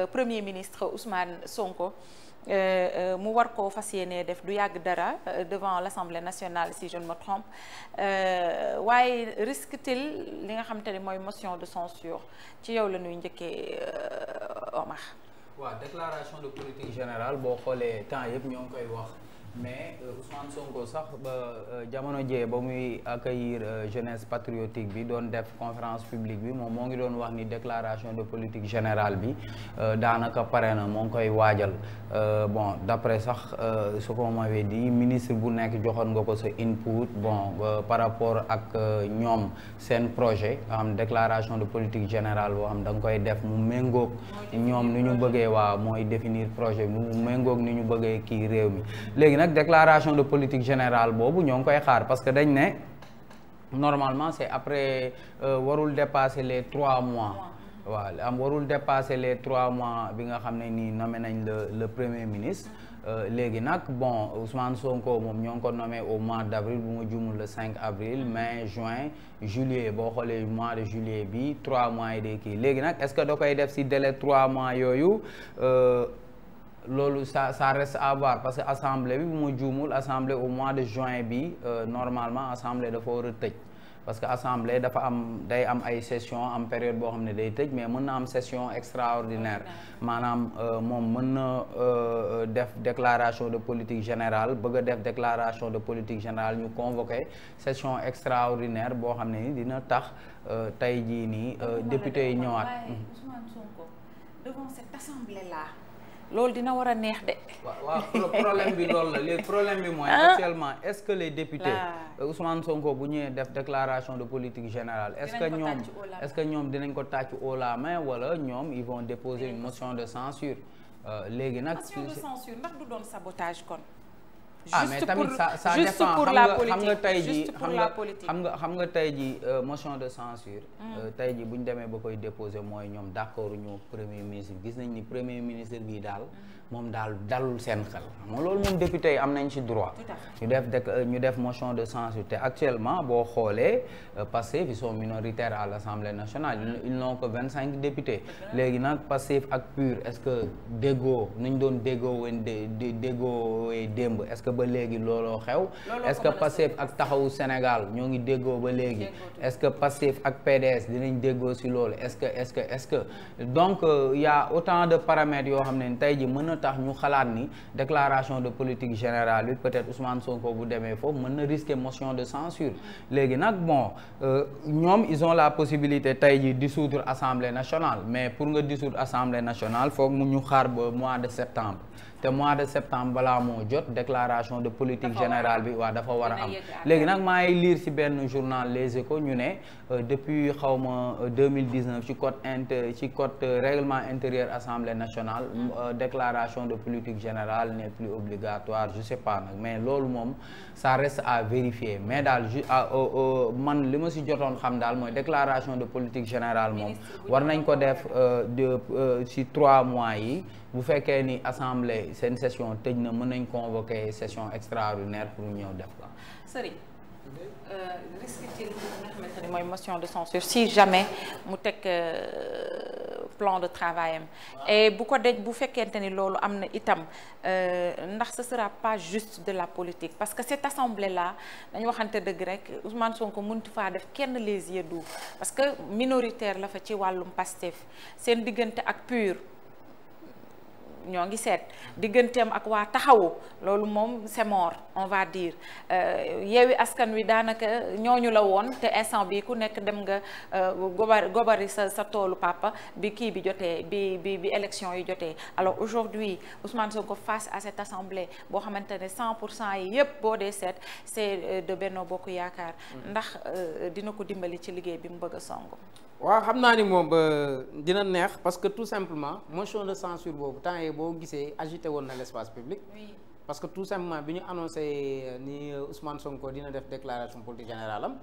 Euh, premier ministre Ousmane Sonko euh, euh, mu war koo fas yéene def du yàgg dara devant l'Assemblée nationale si je ma me trompe waaye risque-t-il li nga xamante ne mooy motion de censure ci yow la ñuy njëkkee Omar. waaw déclaration de politique générale boo xoolee temps yëpp ñoo ngi koy wax. mais euh, Ousmane Sonko sax ba euh, jamono jee ba muy accueillir euh, jeunesse patriotique bi doon def conférence publique bi moom moo ngi doon wax ni déclaration de politique générale bi daanaka pare na moo ngi koy waajal bon d'après sax ce qu'on m'avait di ministre bu nekk joxoon nga ko sa input bon par rapport ak ñoom seen projet nga xam déclaration de politique générale boo xam da nga koy def mu méngoog ñoom nu ñu bëggee waa mooy definir projet bi mu méngoog ni ñu bëggee kii réew mi nag déclaration de politique générale boobu ñoo ngi koy xaar parce que dañ ne normalement c'est après euh, warul dépasser les trois mois waaw am warul dépasser les trois mois bi nga xam ne nii nommé nañ le le premier ministre euh, léegi nag bon Ousmane Sonko moom ñoo ngi ko nommé au mois d' avril bu ma jumul le 5 avril mai juin juillet boo xoolee mois de juillet bi trois mois yi day kii léegi nag est ce que da koy def si délai trois mois yooyu. Euh, loolu sa ça reste à voir parce que assemblée bi bu ma juumul assemblée au mois de juin bi euh, normalement assemblée dafa war a tëj parce que assemblée dafa am day am ay session am période boo xam ne day tëj mais mën na am session extraordinaire maanaam euh, moom mën na euh, def déclaration de politique général bëgg a def déclaration de politique générale ñu convoqué session extraordinaire boo xam ne ni dina tax tey jii nii député yi ñëwaat loolu dina war a neex de. waaw problème bi loolu la léegi problème bi mooy. Ah. actuellement est-ce que les députés. Ah. Euh, Ousmane Sonko bu ñëwee def déclaration de politique générale. est-ce que ñoom est-ce que ñoom dinañ ko tàcc au la main wala ñoom ils vont déposer une motion de censure euh, léegi nag. motion de censure ndax du doon sabotage kon. ah mais tamit ça ça dépend pour la politique xam nga tey jii xam nga xam nga tey jii euh, motion de censure mm. euh, tey jii bu ñu demee ba koy déposer mooy ñoom d'accord ñu premier ministre gis nañ ni premier ministre bii daal mm. moom daal dalul seen xel xam nga loolu moom député yi am nañ ci droit ñu def dek euh, ñu def motion de censure te actuellement boo xoolee Pastef ils sont minoritaires à l'Assemblée nationale ils n'ont que vingt cinq députés léegi nag Pastef ak PUR est-ce que déggoo nañ doon déggoo woon déggoo démb est-ce que ba léegi looloo xew est-ce que Pastef ak taxawu Sénégal ñoo ngi déggoo ba léegi est-ce que Pastef ak PDS dinañ déggoo si loolu est-ce que est-ce que est-ce que donc euh, y a autant de paramètres yoo xam ne tey ji mën na tax ñu xalaat ni déclaration de politique générale bi peut-être Ousmane Sonko bu demee foofu mën na risquer motion de censure léegi nag moo euh, ñoom ils ont la possibilité tey ji dissoudre Assemblée nationale mais pour nga dissoudre Assemblée nationale foog mu ñu xaar ba mois de septembre te mois de septembre balaa moo jot déclaration de politique générale bi waaw dafa war am léegi nag maa ngi lire ci benn journal Les Échos ñu ne euh, depuis xaw ma 2019 ci code inter ci code euh, règlement intérieur assemblée nationale mm. euh, déclaration de politique générale ne plus obligatoire je sais pas nag mais loolu moom ça reste à vérifier mais daal ju ah, man li ma si jotoon xam daal mooy déclaration de politique générale moom war nañ ko def de ci trois mois yi bu fekkee ni assemblée seen session tëj na mën nañ convoquer session extraordinaire pour ñëw def ko. Serigne euh, risque ci li nga xamante ni mooy motion de censure si jamais mu teg euh, plan de travail e bu ko dej bu fekkente ni loolu am na itam euh, ndax ce sera pas juste de la politique parce que cette assemblée la dañu waxante dëgg rek Ousmane Sonko mënut faa def kenn les yeux doux parce que minoritaire la fa ci wàllum Pastef seen diggante ak pure ñoo ngi seet digganteem ak waa taxawu loolu moom c'est mort on va dire euh, yeewi askan wi daanaka ñooñu la woon te instant bi ku nekk dem nga euh, gobar gobari sa sa toolu papa bi kii bi jotee bi bi bi élection yi jotee alors aujourd'hui Ousmane Sonko face à cette assemblée boo xamante ne 100 pour cent yi yépp boo dee seet c'est euh, de Benno Bokk Yaakaar mm. ndax dina ko dimbali ci liggéey bi mu bëgg a song waaw xam naa ni moom euh, dina neex parce que tout simplement motion de censure boobu temps yii boo gisee agité woon na l' espace public. Oui. parce que tout simplement bi ñu annoncé euh, ni euh, Ousmane Sonko dina def déclaration politique générale am.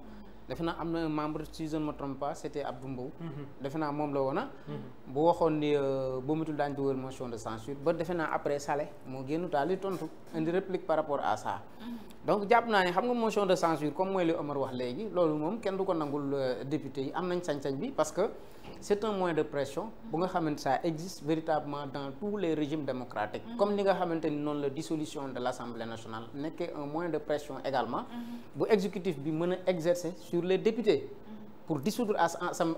defe naa am na membre si je ne me trompe pas c' était Abdou mhm. defe naa moom la woon a. Ah. Mhm. bu waxoon ni boo mutul daañu dugal motion de censure ba defe naa après Saleh moo génn taal di tontu indi réplique par rapport à ça. Mhm. donc jàpp naa ne xam nga motion de censure comme mooy li Omar wax léegi loolu moom kenn du ko nangul euh, député yi am nañ sañ-sañ bi parce que c'est un moyen de pression bu nga xamante ça existe véritablement dans tous les régimes démocratiques mm-hmm. comme ni nga xamante ni noonu la dissolution de l'Assemblée nationale nekkee un moyen de pression également mm-hmm. bu exécutif bi mën a exercer sur les députés mm-hmm. pour dissoudre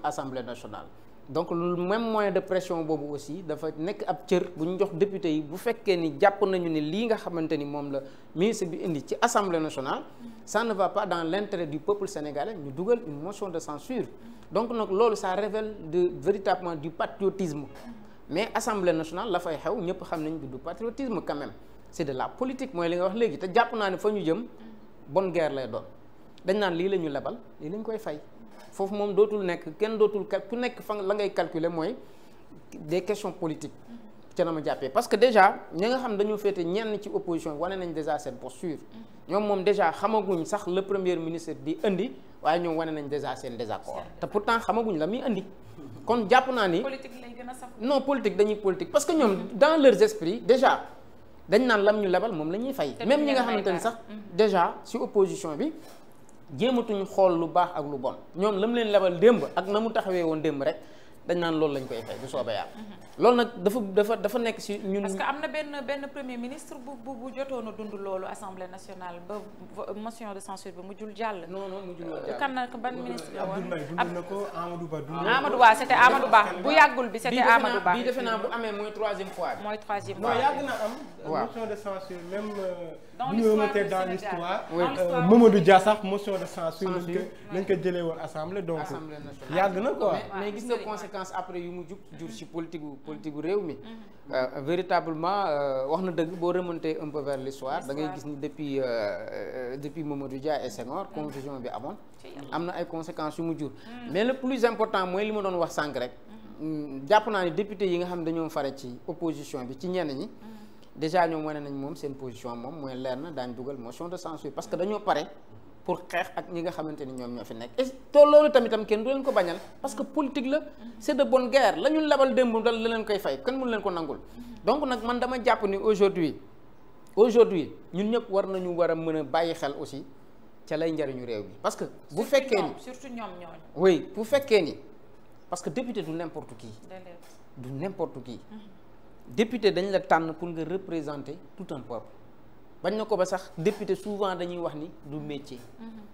assemblée nationale donc lu même moyen de pression boobu aussi dafa nekk ab cër bu ñu jox député yi bu fekkee ni jàpp nañu ni lii nga xamante ni moom la ministre bi indi ci assemblée nationale ça ne va pas dans l'intérêt du peuple sénégalais ñu dugal une motion de censure donc nag loolu ça révèle de véritablement du patriotisme mais assemblée nationale la fay xew ñëpp xam nañ du patriotisme quand même c'est de la politique mooy li nga wax léegi te jàpp naa ne fa ñu jëm bonne guerre lay doon dañ naan lii la ñu lebal lii la koy fay foofu moom dootul nekk kenn dootul ku nekk fan la ngay calculer mooy de questions politique ca na ma jàppee parce que déjà ñi nga xam dañoo féete ñenn ci opposition wane nañ déjà seen posture ñoom moom déjà xamaguñ sax le premier ministre di indi waaye ñoom wane nañ déjà seen désaccord te pourtant xamaguñ la muy indi kon jàpp naa ni politique lañ gën a sax non politique dañuy politique parce que ñoom mm-hmm. dans leurs esprits déjà dañ naan lam ñu lebal moom la ñuy fay même ñi nga xamante ni sax mm-hmm. déjà ci opposition bi jéematuñu xool lu baax ak lu bon ñoom la mu leen lebal démb ak na mu taxawee woon démb rek dañ naan loolu lañ koy fay bu soobee yàlla. loolu nag dafa dafa dafa nekk si ñun. parce que am na benn benn premier ministre bu bu bu jotoon a dund loolu assemblée nationale ba motion de sance bi mujjul jàll. non non mujjul jàll kan na ko Ba dund na ko. Amadou Ba c'était Amadou Ba bu yàggul bi c'était Amadou Ba bii defe naa bu amee mooy troisième fois bi. mooy troisième fois bi non yàgg na am. waaw motion de censure même. Euh, dans euh, l'histoire du Sénégal dans l'histoire. oui Mamadou Dia sax motion de censure. lañ ko lañ ko jëlee woon assemblée donc. assemblée nationale conséquences après yu mu jub jur ci politique gu politique gu réew mi. Euh, véritablement euh, wax na dëgg boo remonter un peu vers l'histoire da ngay gis ni depuis euh, depuis Mamadou Dia et Senghor confusion bi amoon. am na ay conséquences yu mu jur. mais le plus important mooy li ma doon wax sànq rek. jàpp naa ni député yi nga xam ne dañoo fare ci opposition bi ci ñenn ñi. déjà ñoom wane nañ moom seen position moom mooy leer na daañ dugal motion de censure parce que dañoo pare. pour xeex ak ñi nga xamante ni ñoom ñoo fi nekk et te tamitam kenn du leen ko bañal parce que politique la c'est de bonne guerre la ñu labal démb dal la leen koy fay kenn mënu leen ko nangul donc nag man dama jàpp ni aujourd'hui aujourd'hui ñun ñëpp war nañu war a mën a bàyyi xel aussi ca lay njariñu réew mi parce que bu fekkee ni surtout ñoom ñooñu oui bu fekkee ni parce que député du n'importe qui du n'importe qui député dañ la tànn pour nga représenter tout un peuple bañ na ko ba sax député souvent dañuy wax ni du métier. Mm-hmm.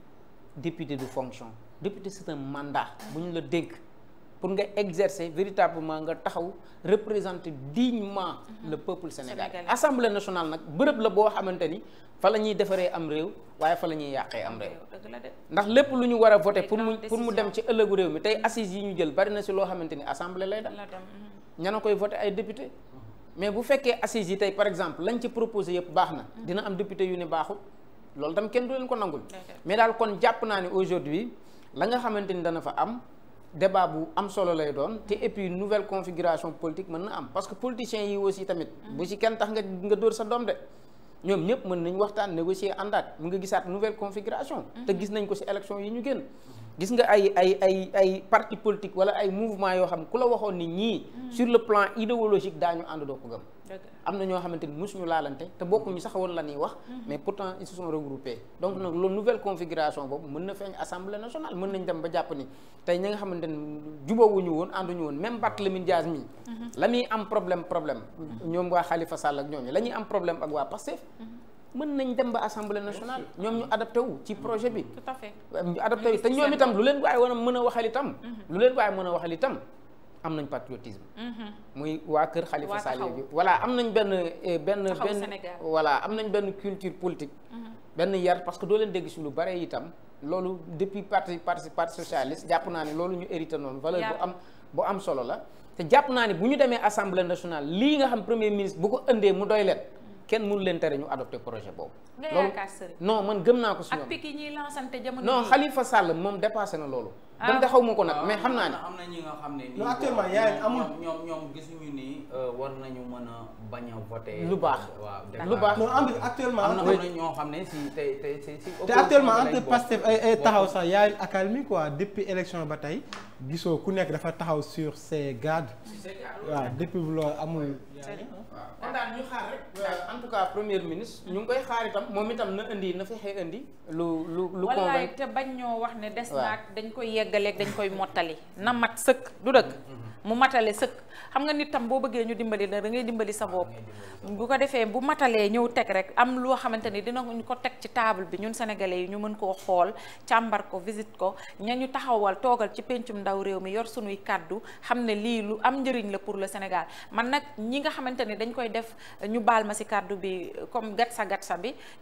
député du fonction député c'est un mm-hmm. bu ñu la dénk pour nga exercer véritablement nga taxaw représenter dignement mm-hmm. le peuple sénégalais assemblée nationale nag bërëb la boo xamante ni fa la ñuy defaree am réew waaye fa la ñuy yàqee am réew ndax lépp lu ñu war a voter pour mu pour mu dem ci ëllëgu réew mi tey assises yi ñu jël bari na si loo xamante ni assemblée lay dem ña na koy voter ay député mais bu fekkee assises yi tey par exemple lañ ci proposé yëpp baax na dina am député yu ne baaxul loolu tam kenn du leen ko nangul mais daal kon jàpp naa ne aujourd'hui la nga xamante ni dana fa am débat bu am solo lay doon te et puis nouvelle configuration politique mën na am parce que politiciens yi aussi tamit bu ci kenn tax nga nga dóor sa doom de ñoom ñëpp mën nañ waxtaan négocier àndaat mu nga gisaat nouvelle configuration mhm. te gis nañ ko ci élection yi ñu gën gis nga ay ay ay ay parti politique wala ay mouvement yoo xam ku la waxoon ni ñii mhm. sur le plan idéologique daañu ànd doo ko gëm am na ñoo xamante ni mosuñu laalante te bokkuñu sax woon la ñuy wax mhm. mais pourtant ils se sont donc nag nouvelle configuration boobu mën na feeñ assemblée nationale mën nañ dem ba jàpp ni tey ñi xamante ni jubawuñu mhm. am problème problème mhm. ñoom waa Khalifa Sall ak ñooñu la ñuy am problème ak waa Pastef mën nañ dem ba assemblée nationale ñoom ñu adapté ci projet bi. te ñoom itam lu leen waaye a mën a waxal itam. lu leen waaye mën a waxal am nañ patriotisme. Mm-hmm. muy waa kër Khalifa Sall yooyu. voilà am nañ benn eh, benn benn. voilà am nañ benn culture politique. Mm-hmm. benn yar parce que doo leen dégg si lu bare itam loolu depuis parti parti parti socialiste jàpp naa ne loolu ñu hérité noonu. valeur bu am solo la. te jàpp naa ne bu ñu demee assemblée nationale lii nga xam premier ministre bu ko ëndee mu doy leen. kenn mënu leen tere ñu adopté projet boobu. loolu non man gëm naa ko si ñoom. ak picc yi ñuy lancante jamono non Khalifa moom dépassé na loolu. Ah. man de xaw ma ko nag mais xam naa ne. am na ñi nga xam ne nii. actuellement yaa amul ñoom ñoom gisuñu ni. Euh, war nañu mën a bañ a voté. lu baax lu baax non am actuellement. am na ñoo xam ne si tey tey si. te actuellement entre Pastef ay taxaw sax yaa ngi accalmie quoi depuis élection ba tey gisoo ku nekk dafa taxaw sur ses gardes. waaw depuis loolu amul. kon daal ñu xaar rek en tout cas premier ministre ñu ngi koy xaar itam moom itam na indi na fexe indi lu lu lu. convaincre wallaay te bañ ñoo wax ne des naag dañ koy yegg yeggaleeg dañ koy mottali na mat sëkk du dëkk mu matale sëkk xam nga nit tam boo bëggee ñu dimbali la da ngay dimbali sa bopp bu ko defee bu matalee ñëw teg rek am loo xamante ni dina ñu ko teg ci table bi ñun senegale yi ñu mën koo xool càmbar ko visite ko ña ñu taxawal toogal ci pencum ndaw réew mi yor sunuy kàddu xam ne lii lu am njëriñ la pour le Sénégal man nag ñi nga xamante ni dañ koy def ñu baal ma si kàddu bi comme gatsa gatsa bi